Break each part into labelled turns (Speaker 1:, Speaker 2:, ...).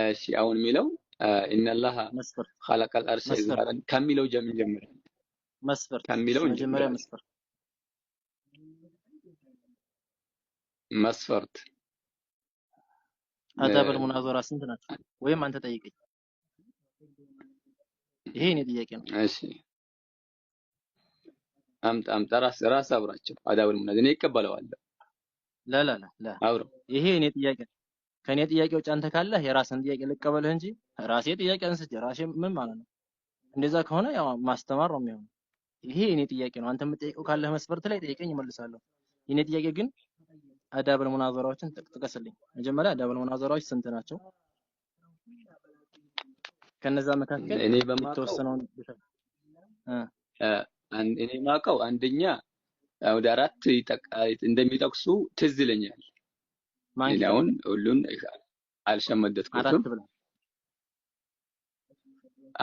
Speaker 1: እሺ አሁን የሚለው ኢነላህ ኸለቀል አርሽ ከሚለው ጀምን ጀምር መስፈርት ከሚለው ጀምር መስፈርት መስፈርት
Speaker 2: አዳብል ሙናዘራ ስንት ናቸው? ወይም አንተ ጠይቀኝ። ይሄ እኔ ጥያቄ ነው።
Speaker 1: እሺ አምጣ አምጣ። ራስ ራስ አብራቸው አዳብል ሙናዘራ እኔ ይቀበለዋለሁ። ላ ላ ላ አብረው
Speaker 2: ይሄ እኔ ጥያቄ ነው። ከእኔ ጥያቄ ውጭ አንተ ካለህ የራስን ጥያቄ ልቀበልህ እንጂ ራሴ ጥያቄ አንስቼ ራሴ ምን ማለት ነው? እንደዛ ከሆነ ያው ማስተማር ነው የሚሆነው። ይሄ የኔ ጥያቄ ነው። አንተ የምጠይቀው ካለህ መስፈርት ላይ ጠይቀኝ እመልሳለሁ። የኔ ጥያቄ ግን አዳብል ሙናዘራዎችን ጥቀስልኝ። መጀመሪያ አዳብል ሙናዘራዎች ስንት ናቸው? ከነዛ መካከል
Speaker 1: እኔ የተወሰነውን እኔ ማውቀው አንደኛ ወደ አራት እንደሚጠቅሱ ትዝ ይለኛል። ሌላውን ሁሉን አልሸመደትኩትም።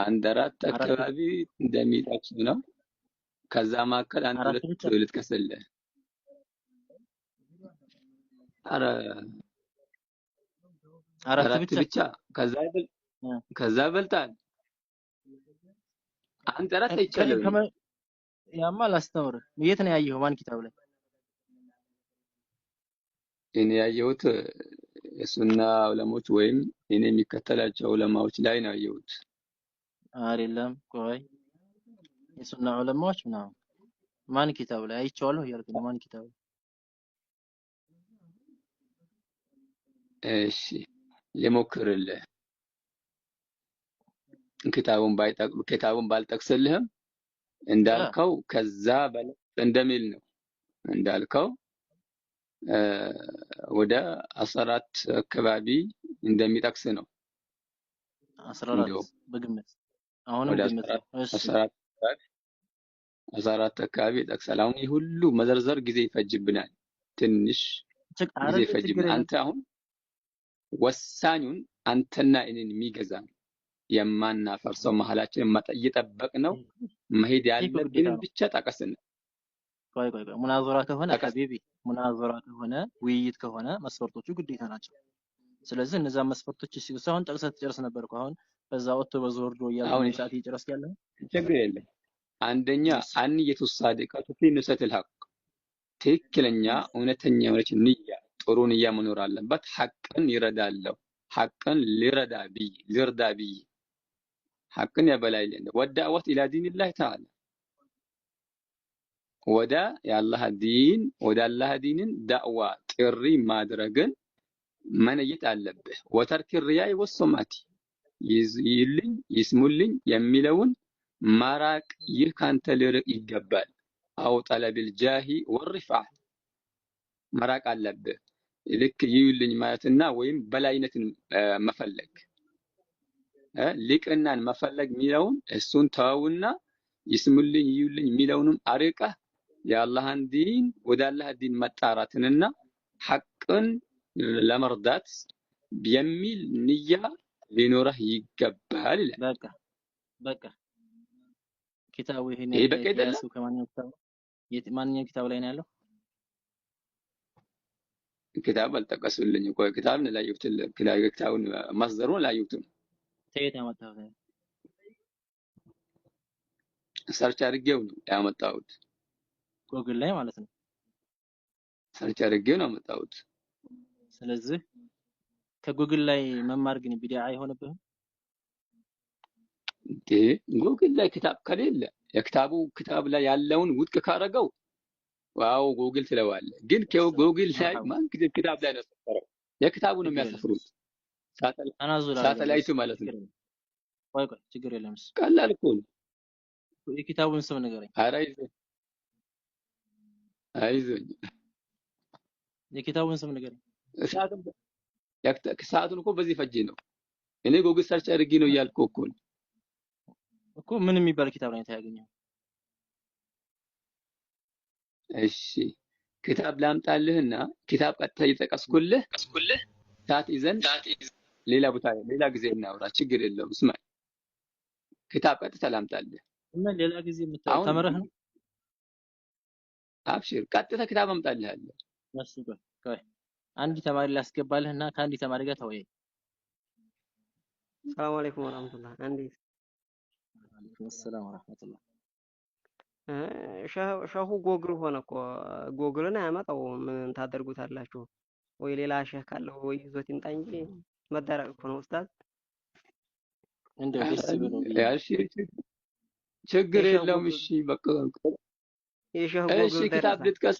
Speaker 1: አንድ አራት አካባቢ እንደሚጠቅስ ነው። ከዛ መካከል አንድ ሁለት ልትከስልህ። ኧረ አራት ብቻ ከዛ አይበል ከዛ ይበልጣል። አንድ አራት አይቻልም።
Speaker 2: ያማ ላስተምርህ። የት ነው ያየኸው? ማን ኪታብ ላይ
Speaker 1: እኔ ያየሁት የሱና ዑለሞች ወይም እኔ የሚከተላቸው ዑለማዎች ላይ ነው ያየሁት።
Speaker 2: አይደለም ቆይ የሱና ዑለማዎች ምናምን ማን ኪታብ ላይ አይቼዋለሁ እያልክ ነው? ማን ኪታብ?
Speaker 1: እሺ ልሞክርልህ። ኪታቡን ባይጠቅም ኪታቡን ባልጠቅስልህም እንዳልከው ከዛ በለጥ እንደሚል ነው እንዳልከው ወደ አስራ አራት አካባቢ እንደሚጠቅስ ነው። አስራ አራት አካባቢ ይጠቅሳል። አሁን ይህ ሁሉ መዘርዘር ጊዜ ይፈጅብናል፣ ትንሽ ጊዜ ይፈጅብናል። አንተ አሁን ወሳኙን አንተና እኔን የሚገዛ የማናፈርሰው መሀላችን እየጠበቅ ነው መሄድ ያለብንን ብቻ ጠቀስን።
Speaker 2: ቆይ ቆይ ቆይ ሙናዞራ ከሆነ ከቤቢ ሙናዞራ ከሆነ ውይይት ከሆነ መስፈርቶቹ ግዴታ ናቸው። ስለዚህ እነዛ መስፈርቶች ሲሉ ሳይሆን ጠቅሰህ ትጨርስ ነበር እኮ አሁን በዛ ወጥቶ በዞርዶ ወርዶ እያለ አሁን ሰዓት እየጨረስክ ያለህ
Speaker 1: ችግር የለም። አንደኛ አን ሳዲቃ ቱፊ ንሰትል ሐቅ ትክክለኛ እውነተኛ የሆነች ንያ ጥሩ ንያ መኖር አለባት። ሀቅን ይረዳለሁ ሀቅን ሊረዳ ብይ ልርዳ ብዬ ሐቅን ያበላይልኝ ወዳወት ኢላ ዲንላህ ተዓላ ወደ የአላህ ዲን ወደ አላህ ዲንን ዳዕዋ ጥሪ ማድረግን መነየት አለብህ። ወተርክ ሪያይ ወሶማቲ ይልኝ ይስሙልኝ የሚለውን ማራቅ ይህ ካንተ ሊርቅ ይገባል። አው ጠለቢል ጃሂ ወሪፋ መራቅ አለብህ። ልክ ይዩልኝ ማለትና ወይም በላይነትን መፈለግ ሊቅናን መፈለግ የሚለውን እሱን ተውና ይስሙልኝ ይዩልኝ የሚለውንም አርቀህ የአላህን ዲን ወደ አላህ ዲን መጣራትንና ሐቅን ለመርዳት የሚል ንያ ሊኖረህ ይገባል
Speaker 2: ይላል። በቃ በቃ ኪታቡ ይሄን
Speaker 1: ያለው
Speaker 2: ከማንኛው ኪታብ ላይ ነው ያለው?
Speaker 1: ኪታብ አልጠቀሱልኝ እኮ ኪታብ ላይ ይክተል ኪታቡን ማስዘሩን ላይ ይክተል
Speaker 2: ተየት ያመጣሁት
Speaker 1: ሰርች አድርጌው ነው ያመጣሁት።
Speaker 2: ጎግል ላይ ማለት ነው።
Speaker 1: ሰርች አድርጌ ነው የመጣሁት።
Speaker 2: ስለዚህ ከጎግል ላይ መማር ግን ቢዲያ አይሆንብህም
Speaker 1: እንዴ? ጎግል ላይ ክታብ ከሌለ የክታቡ ክታብ ላይ ያለውን ውድቅ ካረገው ዋው ጎግል ትለዋለ ግን ጎግል ላይ ማን ክታብ ላይ ነው ሰፈረው? የክታቡ ነው የሚያሰፍሩት፣ ሳተላይቱ ማለት ነው።
Speaker 2: ቆይ ቆይ፣ ችግር የለም
Speaker 1: ቀላል እኮ ነው።
Speaker 2: የኪታቡን ስም ንገረኝ።
Speaker 1: ኧረ አይዞኝ።
Speaker 2: የኪታቡን ስም ንገረኝ።
Speaker 1: ሰዓቱን እኮ በዚህ ፈጄ ነው እኔ ጎግል ሰርች አድርጌ ነው እያልኩ እኮ
Speaker 2: እኮ ምን የሚባል ኪታብ ነው ያገኘው?
Speaker 1: እሺ ኪታብ ላምጣልህና ኪታብ ቀጥታ እየጠቀስኩልህ ቀስኩልህ ሰዓት ይዘን ሌላ ቦታ ሌላ ጊዜ እናውራ፣ ችግር የለውም። ስማኝ ኪታብ ቀጥታ ላምጣልህ።
Speaker 2: እና ሌላ ጊዜ
Speaker 1: ተምረህ ነው አብሽር፣ ቀጥታ ክታብ አምጣልሃለሁ።
Speaker 2: እሺ ቆይ ቆይ አንድ ተማሪ ላስገባልህ እና ከአንድ ተማሪ ጋር ተወያይ። ሰላም አለይኩም ወራህመቱላህ። እንዴት?
Speaker 1: አለይኩም ሰላም ወራህመቱላህ።
Speaker 2: እሺ ሸሁ ጎግል ሆነ እኮ ጎግልን አያመጣው። ምን ታደርጉታላችሁ? ወይ ሌላ ሸህ ካለው ወይ ይዞት ይምጣ እንጂ መደረቅ እኮ ነው ኡስታዝ።
Speaker 1: እንደው ደስ ብሎ ችግር የለውም። እሺ በቃ እሺ ክታብ ልጥቀሳ።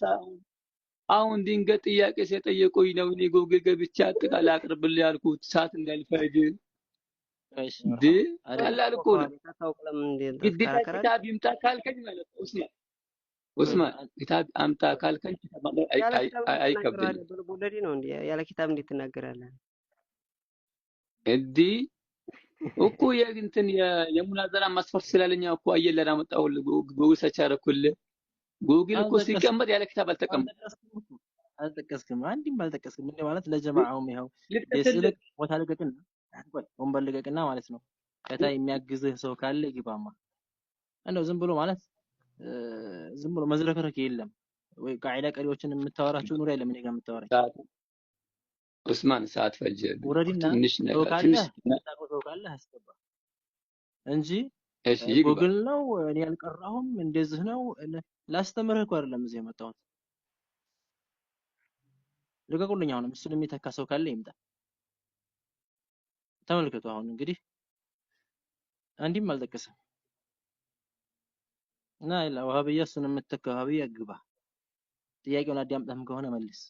Speaker 1: አሁን ድንገት ጥያቄ ሲጠየቁኝ ነው እኔ ጎግል ገብቼ አጠቃላይ አቅርብልህ ያልኩት ሰዓት እንዳልፈጅ ቀላል እኮ ነው። ግዴታ ኪታብ ይምጣ ካልከኝ ማለት ነው። ኡስማን ኪታብ አምጣ ካልከኝ አይከብድም።
Speaker 2: ያለ ኪታብ እንዴት ትናገራለህ?
Speaker 1: እኮ የእንትን የሙናዘራ ማስፈርት ስላለኛ እኮ አየለና መጣሁልህ በውሰቻ ጉግል እኮ ሲቀመጥ ያለ ኪታብ አልተቀመጠ
Speaker 2: አልጠቀስክም፣ አንድም አልጠቀስክም። እንደ ማለት ለጀማዓውም ይኸው የስልክ ቦታ ልቀቅና ወንበር ልቀቅና ማለት ነው። ከታ የሚያግዝህ ሰው ካለ ግባማ። እንደው ዝም ብሎ ማለት ዝም ብሎ መዝረክረክ የለም ወይ ቃዒዳ ቀሪዎችን የምታወራቸው ኑሮ አይደለም እኔ ጋር የምታወራኝ
Speaker 1: ኡስማን ሰዓት ፈጀ። ውረድና ሰው
Speaker 2: ካለ አስገባ እንጂ ጉግል ነው እኔ ያልቀራሁም እንደዚህ ነው ላስተምርህ እኮ አይደለም እዚህ የመጣሁት። ልቀቁልኝ። አሁንም እሱን የሚተካ ሰው ካለ ይምጣ። ተመልከቱ። አሁን እንግዲህ አንዲም አልጠቀሰም እና ይላ ወሃብያ እሱን የምትተካ ወሃብያ ግባ። ጥያቄውን አዳምጠህም ከሆነ መልስ።